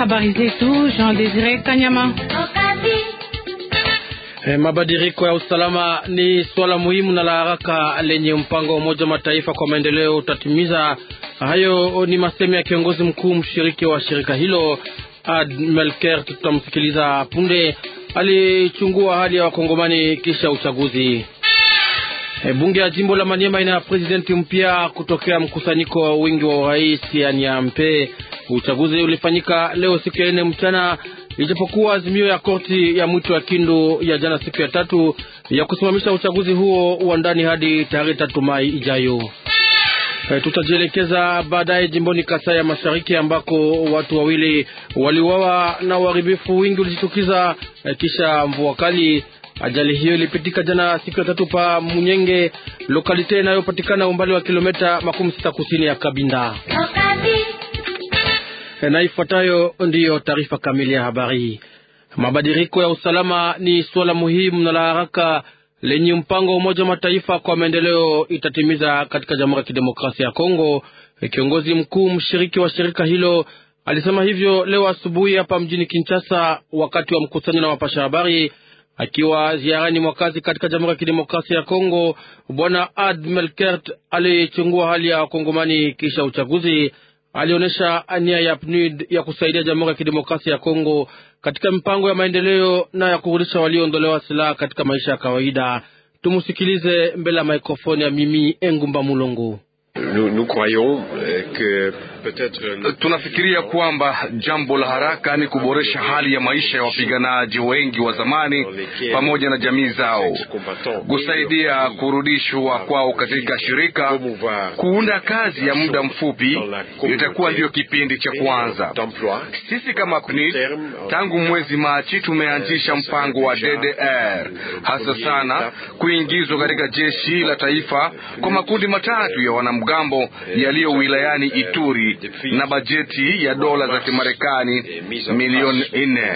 habari zetu. Jean Desire Kanyama. E, eh, mabadiriko ya usalama ni swala muhimu na la haraka lenye mpango wa Umoja Mataifa kwa maendeleo utatimiza. Hayo ni masemi ya kiongozi mkuu mshiriki wa shirika hilo Ad Melker, tutamsikiliza punde. Alichungua hali ya wakongomani kisha uchaguzi. E, bunge ya jimbo la Manyema ina presidenti mpya kutokea mkusanyiko wa wingi wa urais yani ampe Uchaguzi ulifanyika leo siku ya nne mchana, ijapokuwa azimio ya korti ya mwito ya Kindu ya jana siku ya tatu ya kusimamisha uchaguzi huo wa ndani hadi tarehe tatu Mai ijayo. Eh, tutajielekeza baadaye jimboni Kasai ya Mashariki ambako watu wawili waliuawa na uharibifu wingi ulijitukiza eh, kisha mvua kali. Ajali hiyo ilipitika jana siku ya tatu pa Munyenge, lokalite inayopatikana umbali wa kilometa makumi sita kusini ya Kabinda. Eh, na ifuatayo ndiyo taarifa kamili ya habari. mabadiriko ya usalama ni suala muhimu na la haraka lenye mpango wa Umoja wa Mataifa kwa maendeleo itatimiza katika Jamhuri ya Kidemokrasia ya Kongo. Kiongozi mkuu mshiriki wa shirika hilo alisema hivyo leo asubuhi hapa mjini Kinshasa wakati wa mkusanyo na wapasha habari akiwa ziarani mwakazi katika Jamhuri ya Kidemokrasia ya Kongo. Bwana Ad Melkert alichungua hali ya Wakongomani kisha uchaguzi alionyesha nia ya PNUD ya kusaidia Jamhuri ya Kidemokrasia ya Kongo katika mipango ya maendeleo na ya kurudisha walioondolewa silaha katika maisha ya kawaida. Tumusikilize mbele ya maikrofoni ya Mimi Engumba Mulongo. Nous, nous croyons eh, que Euh, Tunafikiria kwamba jambo la haraka ni kuboresha hali ya maisha ya wapiganaji wengi wa zamani pamoja na jamii zao, kusaidia kurudishwa kwao katika shirika, kuunda kazi ya muda mfupi. Itakuwa ndiyo kipindi cha kwanza. Sisi kama PNID tangu mwezi Machi tumeanzisha euh, mpango wa DDR, hasa sana kuingizwa katika jeshi la taifa kwa makundi matatu ya wanamgambo yaliyo wilayani Ituri na bajeti ya dola za Kimarekani milioni nne.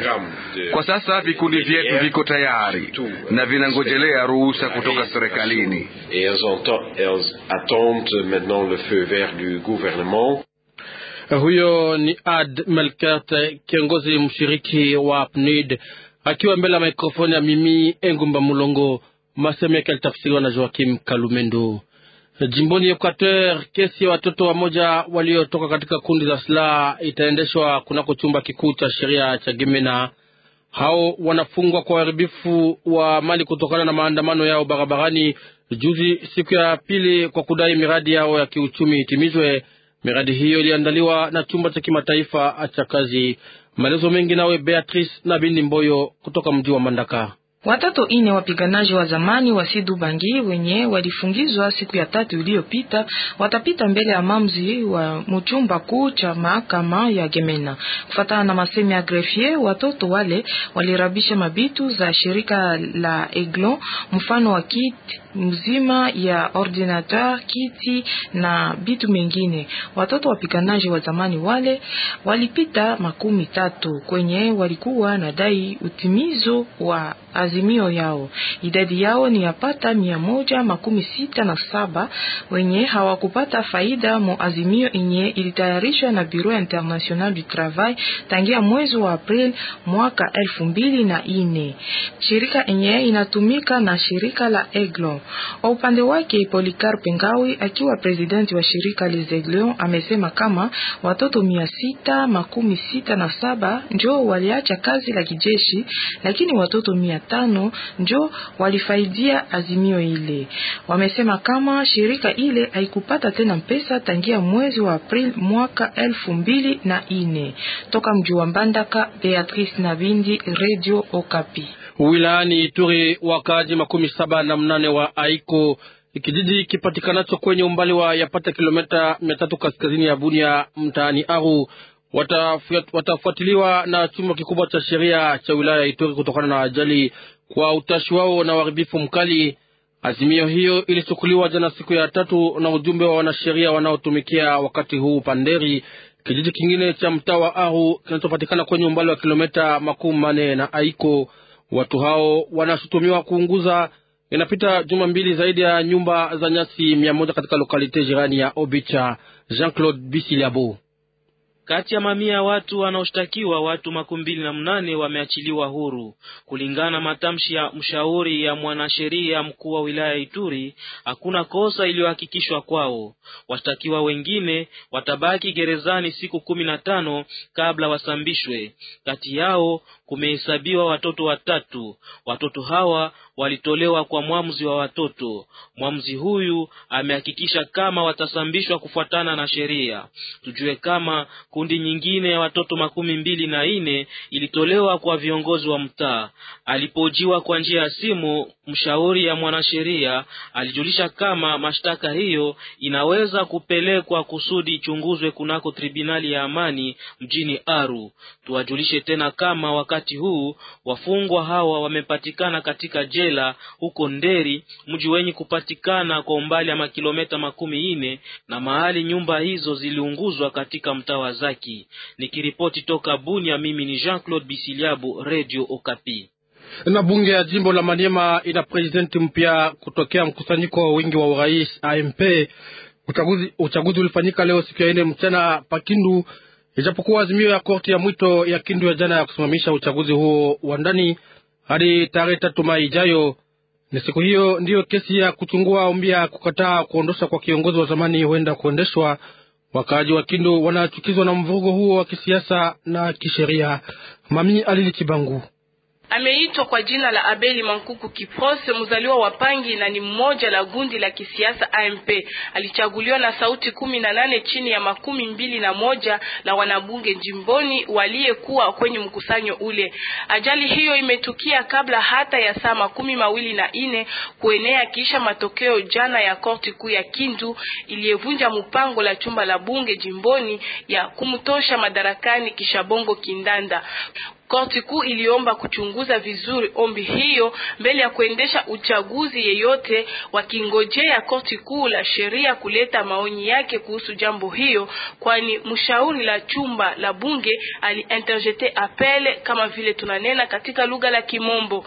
Kwa sasa vikundi vyetu viko tayari na vinangojelea ruhusa kutoka serikalini. Huyo ni Ad Melkert, kiongozi mshiriki wa PNUD akiwa mbele ya mikrofoni ya Mimi Engumba Mulongo. yake alitafsiriwa na Joakim Kalumendo. Jimboni Equateur, kesi ya watoto wamoja waliotoka katika kundi za silaha itaendeshwa kunako chumba kikuu cha sheria cha Gemena. Hao wanafungwa kwa uharibifu wa mali kutokana na maandamano yao barabarani juzi siku ya pili kwa kudai miradi yao ya kiuchumi itimizwe. Miradi hiyo iliandaliwa na chumba cha kimataifa cha kazi. Maelezo mengi nawe Beatrice na Bindi Mboyo kutoka mji wa Mandaka. Watoto ine wapiganaji wa zamani wa Sidu Bangi wenye walifungizwa siku ya tatu iliyopita watapita mbele ya mamzi wa mchumba kuu cha mahakama ya Gemena. Kufatana na masemi ya grefie, watoto wale walirabisha mabitu za shirika la Eglon, mfano wa kiti mzima ya ordinateur, kiti na bitu mengine. Watoto wapiganaji wa zamani wale walipita makumi tatu kwenye walikuwa nadai utimizo wa az maazimio yao. Idadi yao ni yapata mia moja makumi sita na saba wenye hawakupata faida mo azimio inye ilitayarishwa na Bureau International du Travail tangia mwezi wa April mwaka elfu mbili na ine. Shirika inye inatumika na shirika la Eglo. Kwa upande wake, Polikar Pengawi akiwa presidenti wa shirika Les Eglo amesema kama watoto mia sita makumi sita na saba njo waliacha kazi la kijeshi, lakini watoto mia tano tano njo walifaidia azimio ile. Wamesema kama shirika ile haikupata tena pesa tangia mwezi wa April mwaka elfu mbili na ine. Toka mji wa Mbandaka, Beatrice Nabindi, Radio Okapi. Wilayani Ituri wakaaji makumi saba na mnane wa Aiko kijiji kipatikanacho kwenye umbali wa yapata kilometa mia tatu kaskazini ya Bunia mtaani Aru watafuatiliwa na chumba kikubwa cha sheria cha wilaya ya Ituri kutokana na ajali kwa utashi wao na uharibifu mkali. Azimio hiyo ilichukuliwa jana siku ya tatu na ujumbe wa wanasheria wanaotumikia wakati huu Panderi, kijiji kingine cha mtaa wa Ahu kinachopatikana kwenye umbali wa kilometa makumi manne na Aiko. Watu hao wanashutumiwa kuunguza inapita juma mbili zaidi ya nyumba za nyasi mia moja katika lokalite jirani ya Obicha. Jean Claude Bisilabo kati ya mamia watu wanaoshtakiwa, watu makumi mbili na mnane wameachiliwa huru, kulingana matamshi ya mshauri ya mwanasheria mkuu wa wilaya ya Ituri. Hakuna kosa iliyohakikishwa kwao. Washtakiwa wengine watabaki gerezani siku kumi na tano kabla wasambishwe. Kati yao kumehesabiwa watoto watatu. Watoto hawa walitolewa kwa mwamzi wa watoto. Mwamzi huyu amehakikisha kama watasambishwa kufuatana na sheria. Tujue kama kundi nyingine ya watoto makumi mbili na nne ilitolewa kwa viongozi wa mtaa. Alipojiwa kwa njia ya simu, mshauri ya mwanasheria alijulisha kama mashtaka hiyo inaweza kupelekwa kusudi ichunguzwe kunako tribunali ya amani mjini Aru. Tuwajulishe tena kama wakati huu wafungwa hawa wamepatikana katika jela Kagera huko Nderi, mji wenye kupatikana kwa umbali ya kilomita makumi ine na mahali nyumba hizo ziliunguzwa katika mtaa wa Zaki. Nikiripoti toka Bunia, mimi ni Jean Claude Bisiliabu, Radio Okapi. Na bunge ya jimbo la Maniema ina presidenti mpya kutokea mkusanyiko wa wingi wa urais AMP. Uchaguzi, uchaguzi ulifanyika leo siku ya ine mchana Pakindu, ijapokuwa azimio ya korti ya mwito ya Kindu ya jana ya kusimamisha uchaguzi huo wa ndani hadi tarehe tatu mai ijayo. Ni siku hiyo ndiyo kesi ya kuchungua ombi ya kukataa kuondosha kwa kiongozi wa zamani huenda kuendeshwa. Wakaaji wa Kindu wanachukizwa na mvurugo huo wa kisiasa na kisheria. Mami Alili Kibangu ameitwa kwa jina la Abeli Mankuku Kiprose, mzaliwa wa Pangi na ni mmoja la gundi la kisiasa AMP. Alichaguliwa na sauti kumi na nane chini ya makumi mbili na moja la wanabunge jimboni waliyekuwa kwenye mkusanyo ule. Ajali hiyo imetukia kabla hata ya saa makumi mawili na ine kuenea kisha matokeo jana ya korti kuu ya Kindu iliyevunja mpango la chumba la bunge jimboni ya kumtosha madarakani kisha bongo Kindanda. Korti kuu iliomba kuchunguza vizuri ombi hiyo mbele ya kuendesha uchaguzi yeyote, wakingojea korti kuu la sheria kuleta maoni yake kuhusu jambo hiyo, kwani mshauri la chumba la bunge aliinterjete apele, kama vile tunanena katika lugha la Kimombo.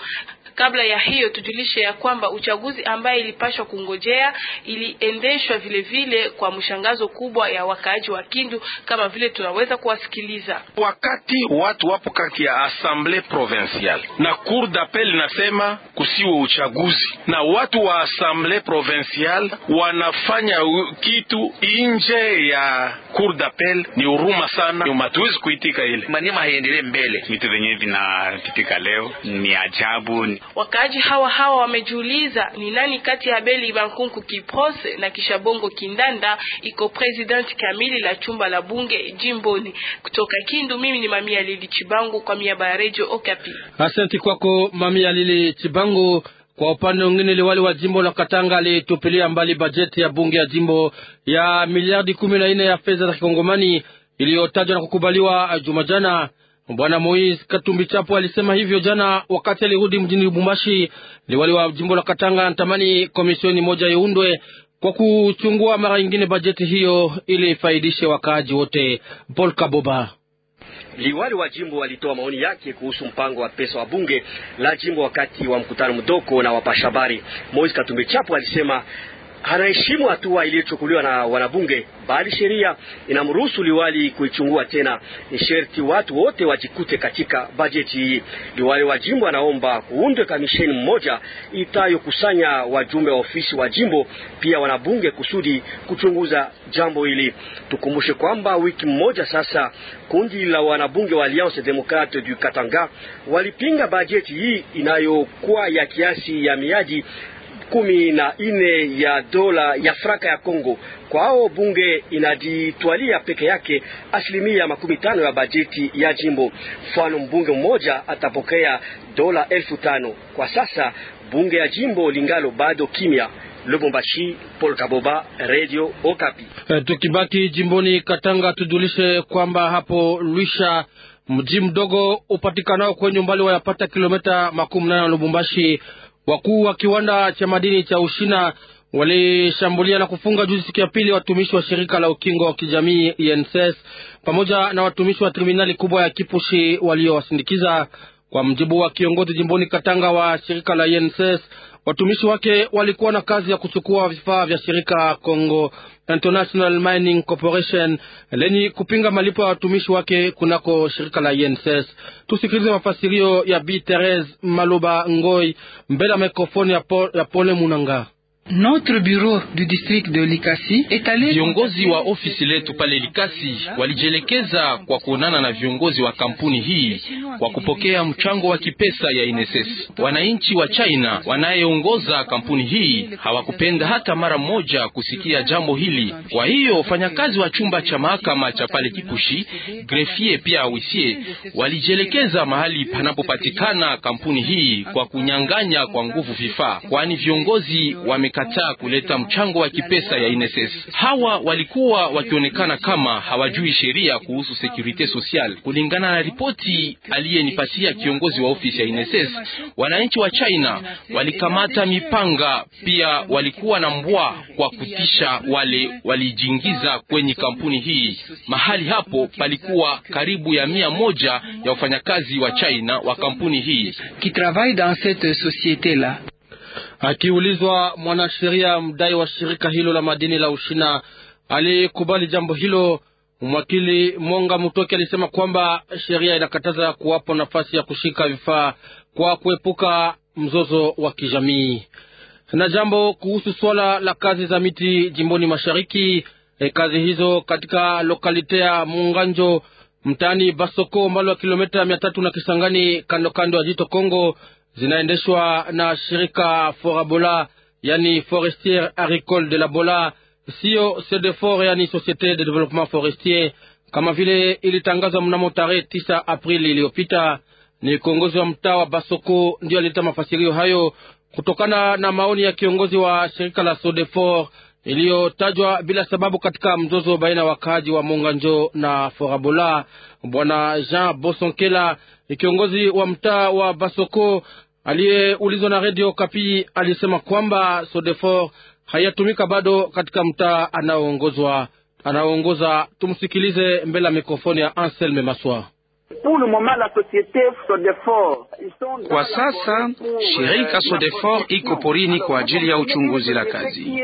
Kabla ya hiyo, tujulishe ya kwamba uchaguzi ambaye ilipashwa kungojea iliendeshwa vile vile kwa mshangazo kubwa ya wakaaji wa Kindu, kama vile tunaweza kuwasikiliza. Wakati watu wapo kati ya assemble provinciale na cour d'appel inasema kusiwe uchaguzi, na watu wa assemble provinciale wanafanya kitu nje ya cour d'appel, ni huruma sana, matuwezi kuitika ile manima haiendelee mbele. Vitu vyenyewe vinapitika leo ni ajabu. Wakaaji hawa hawa wamejiuliza ni nani kati ya Beli Bankunku Kiprose na Kishabongo Kindanda iko president kamili la chumba la bunge jimboni. Kutoka Kindu, mimi ni mamia Alili Chibangu kwa miaba ya Radio Okapi. Asante kwako mamia Alili Chibangu. Kwa upande mwingine, liwali wa jimbo la Katanga alitupilia mbali bajeti ya bunge ya jimbo ya miliardi kumi na nne ya fedha za kikongomani iliyotajwa na kukubaliwa Jumajana. Bwana Moise Katumbi Chapo alisema hivyo jana wakati alirudi mjini Lubumbashi. Liwali wa jimbo la Katanga natamani komisioni moja iundwe kwa kuchungua mara nyingine bajeti hiyo ili ifaidishe wakaaji wote. Paul Kaboba Liwali wa jimbo walitoa maoni yake kuhusu mpango wa pesa wa bunge la jimbo wakati wa mkutano mdogo na wapashabari. Moise Katumbi Chapo alisema anaheshimu hatua iliyochukuliwa na wanabunge, bali sheria inamruhusu liwali kuichungua tena. Ni sherti watu wote wajikute katika bajeti hii. Liwali wa jimbo anaomba kuundwe kamisheni mmoja itayokusanya wajumbe wa ofisi wa jimbo pia wanabunge kusudi kuchunguza jambo hili. Tukumbushe kwamba wiki mmoja sasa kundi la wanabunge wa Alliance Democrate du Katanga walipinga bajeti hii inayokuwa ya kiasi ya miadi kumi na nne ya dola ya franka ya Kongo. Kwao bunge inajitwalia peke yake asilimia makumi tano ya bajeti ya jimbo. Mfano, mbunge mmoja atapokea dola elfu tano. Kwa sasa bunge ya jimbo lingalo bado kimya. Lubumbashi, Paul Kaboba, Radio Okapi. E, tukibaki jimboni Katanga tujulishe kwamba hapo Luisha mji mdogo upatikanao kwenye umbali wayapata kilomita makumi nane na Lubumbashi Wakuu wa kiwanda cha madini cha Ushina walishambulia na kufunga juzi siku ya pili watumishi wa shirika la ukingo wa kijamii INSS pamoja na watumishi wa terminali kubwa ya Kipushi waliowasindikiza. Kwa mjibu wa kiongozi jimboni Katanga wa shirika la INSS, Watumishi wake walikuwa na kazi ya kuchukua vifaa vya shirika Congo International Mining Corporation lenye kupinga malipo ya watumishi wake kunako shirika la INSS. Tusikilize mafasirio ya Bi Therese Maloba Ngoi mbele ya mikrofoni ya Pole Munanga. Viongozi wa ofisi letu pale Likasi walijielekeza kwa kuonana na viongozi wa kampuni hii kwa kupokea mchango wa kipesa ya INSS. Wananchi wa China wanayeongoza kampuni hii hawakupenda hata mara moja kusikia jambo hili. Kwa hiyo wafanyakazi wa chumba cha mahakama cha pale Kikushi, grefie pia wisie, walijielekeza mahali panapopatikana kampuni hii kwa kunyang'anya kwa nguvu vifaa, kwani viongozi wame walikataa kuleta mchango wa kipesa ya INSS. Hawa walikuwa wakionekana kama hawajui sheria kuhusu securite social. Kulingana na ripoti aliyenipatia kiongozi wa ofisi ya INSS, wananchi wa China walikamata mipanga, pia walikuwa na mbwa kwa kutisha wale walijiingiza kwenye kampuni hii. Mahali hapo palikuwa karibu ya mia moja ya wafanyakazi wa China wa kampuni hii qui travaille dans cette société là. Akiulizwa, mwanasheria mdai wa shirika hilo la madini la Ushina alikubali jambo hilo. Mwakili Monga Mutoki alisema kwamba sheria inakataza kuwapo nafasi ya kushika vifaa kwa kuepuka mzozo wa kijamii. Na jambo kuhusu swala la kazi za miti jimboni mashariki, e, kazi hizo katika lokalite ya Munganjo mtaani Basoko, umbali wa kilomita mia tatu na Kisangani, kandokando ya jito Kongo zinaendeshwa na shirika Forabola, yani Forestier Agricole de la Bola, sio Sedefor, yani Societe de Developement Forestier, kama vile ilitangazwa mnamo tarehe tisa Aprili iliyopita. Ni kiongozi wa mtaa wa Basoko ndio alileta mafasirio hayo kutokana na maoni ya kiongozi wa shirika la Sodefor iliyotajwa bila sababu katika mzozo baina ya wakaaji wa Monganjo na Forabola. Bwana Jean Bosonkela, kiongozi wa mtaa wa Basoko, aliyeulizwa na redio Kapi alisema kwamba Sodefor hayatumika bado katika mtaa anaoongozwa anaoongoza. Tumsikilize mbele ya mikrofoni ya Anselme Maswa. Kwa sasa euh, shirika Sodefor iko porini kwa ajili ya uchunguzi la kazi.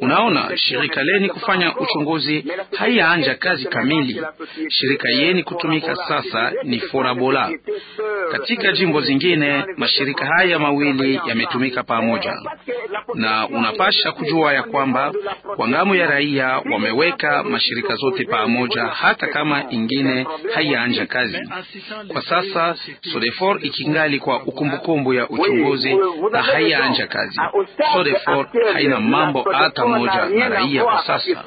Unaona, shirika leni kufanya uchunguzi haiyaanja kazi kamili. Shirika yeni kutumika sasa ni Forabola. Katika jimbo zingine mashirika haya mawili yametumika pamoja na unapasha kujua ya kwamba wangamu ya raia wameweka mashirika zote pamoja, hata kama ingine haiyaanja kazi kwa sasa. Sodefor ikingali kwa ukumbukumbu ya uchunguzi na haiyaanja kazi. Sodefor haina mambo hata moja na raia kwa sasa.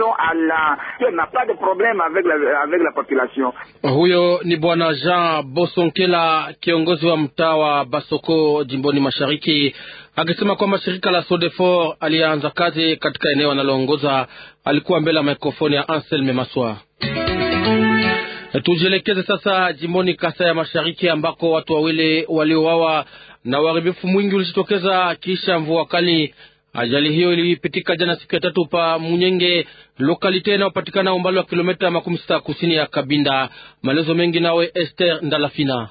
Huyo ni bwana Jean Bosonkela, kiongozi wa mtaa wa Basoko, jimboni mashariki akisema kwamba shirika la Sodefor alianza kazi katika eneo analoongoza alikuwa mbele ya mikrofoni ya Anselme Maswa. Tujielekeze sasa jimboni Kasa ya Mashariki ambako watu wawili waliowawa na uharibifu mwingi ulijitokeza kisha mvua kali. Ajali hiyo ilipitika jana siku ya tatu pa Munyenge, lokalite inayopatikana umbali wa kilomita makumi sita kusini ya Kabinda. Maelezo mengi nawe Esther Ndalafina.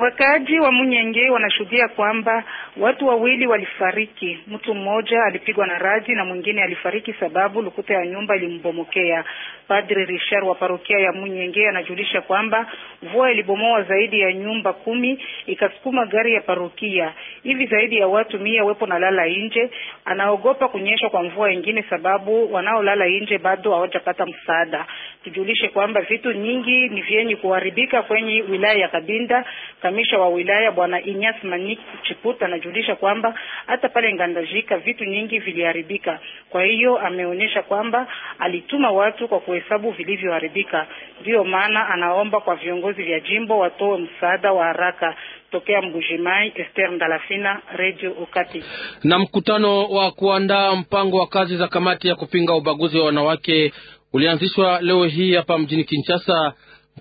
Wakaaji wa Munyenge wanashuhudia kwamba watu wawili walifariki. Mtu mmoja alipigwa na radi na mwingine alifariki sababu lukuta ya nyumba ilimbomokea. Padre Richard wa parokia ya Munyenge anajulisha kwamba mvua ilibomoa zaidi ya nyumba kumi ikasukuma gari ya parokia. Hivi zaidi ya watu mia wepo na lala nje. Anaogopa kunyesha kwa mvua ingine sababu wanaolala nje bado hawajapata msaada. Tujulishe kwamba vitu nyingi ni vyenye kuharibika kwenye wilaya ya Kabinda kamisha wa wilaya Bwana Inyas Manik Chiputa anajulisha kwamba hata pale Ngandajika vitu nyingi viliharibika. Kwa hiyo ameonyesha kwamba alituma watu kwa kuhesabu vilivyoharibika, ndiyo maana anaomba kwa viongozi vya jimbo watoe msaada wa haraka. Tokea Mbujimai, Esther Ndalafina, Radio ukati Na mkutano wa kuandaa mpango wa kazi za kamati ya kupinga ubaguzi wa wanawake ulianzishwa leo hii hapa mjini Kinshasa.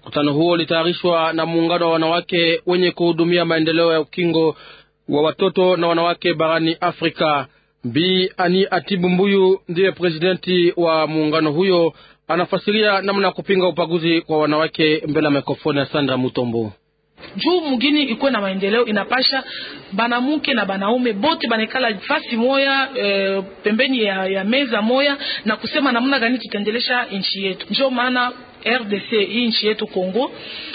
Mkutano huo ulitayarishwa na muungano wa wanawake wenye kuhudumia maendeleo ya ukingo wa watoto na wanawake barani Afrika. Bi Ani Atibu Mbuyu ndiye presidenti wa muungano huyo, anafasiria namna ya kupinga ubaguzi kwa wanawake mbele ya mikrofoni ya Sandra Mutombo juu mgini ikuwe na maendeleo inapasha banamuke na banaume bote banekala fasi moya e, pembeni ya, ya meza moya na kusema namna gani tutaendelesha nchi yetu. Ndio maana RDC hii nchi yetu Kongo,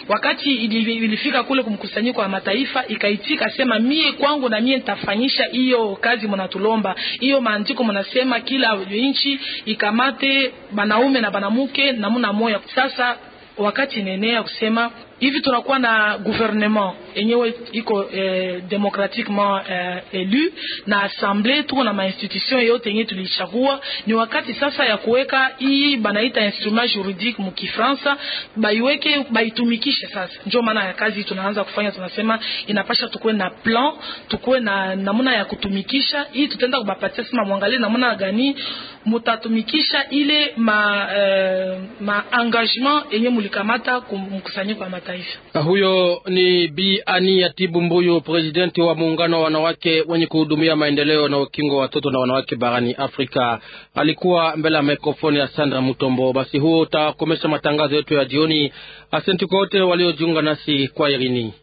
wakati ilifika kule kumkusanyiko wa mataifa, ikaitika sema mie kwangu na mie nitafanyisha hiyo kazi mnatulomba. Hiyo maandiko mnasema kila nchi ikamate banaume na banamuke namna moya. Sasa wakati nenea kusema hivi tunakuwa na gouvernement yenyewe iko eh, demokratiquement eh, elu na assemblée, tuko na mainstitution yote yenyewe tulichagua. Ni wakati sasa ya kuweka hii banaita instrument juridique mukifransa, baiweke baitumikishe. Sasa ndio maana ya kazi tunaanza kufanya, tunasema inapasha tukue na plan, tukue na namna ya kutumikisha hii. Tutaenda kubapatia sema, mwangalie namna gani mutatumikisha ile ma, eh, ma engagement yenyewe mulikamata mkusanyiko taifa. Huyo ni Bi Ani Yatibu Mbuyu, presidenti wa muungano wa wanawake wenye kuhudumia maendeleo na ukingo wa watoto na wanawake barani Afrika. Alikuwa mbele ya mikrofoni ya Sandra Mutombo. Basi huo utakomesha matangazo yetu ya jioni. Asante kwa wote waliojiunga nasi kwa Irini.